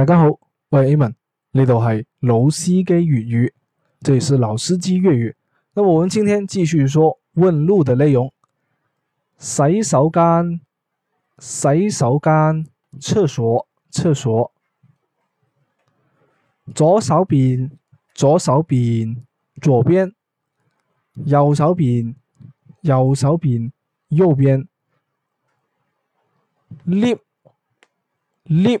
大家好，我係 Aman 呢度係老司機粵語，這是老司機粵語。那麼我們今天繼續說問路的內容，洗手間，洗手間，廁所，廁所，左手邊，左手邊，左邊，右手邊，右手邊，右邊，lip，lip。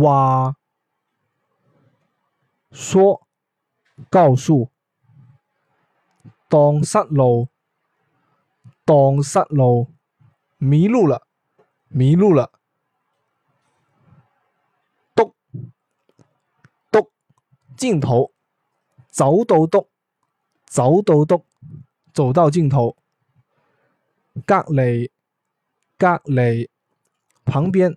話：説，告訴，蕩失路，蕩失路，迷路了，迷路了。篤篤，盡頭，走到篤，走到篤，走到盡頭。隔離，隔離，旁邊。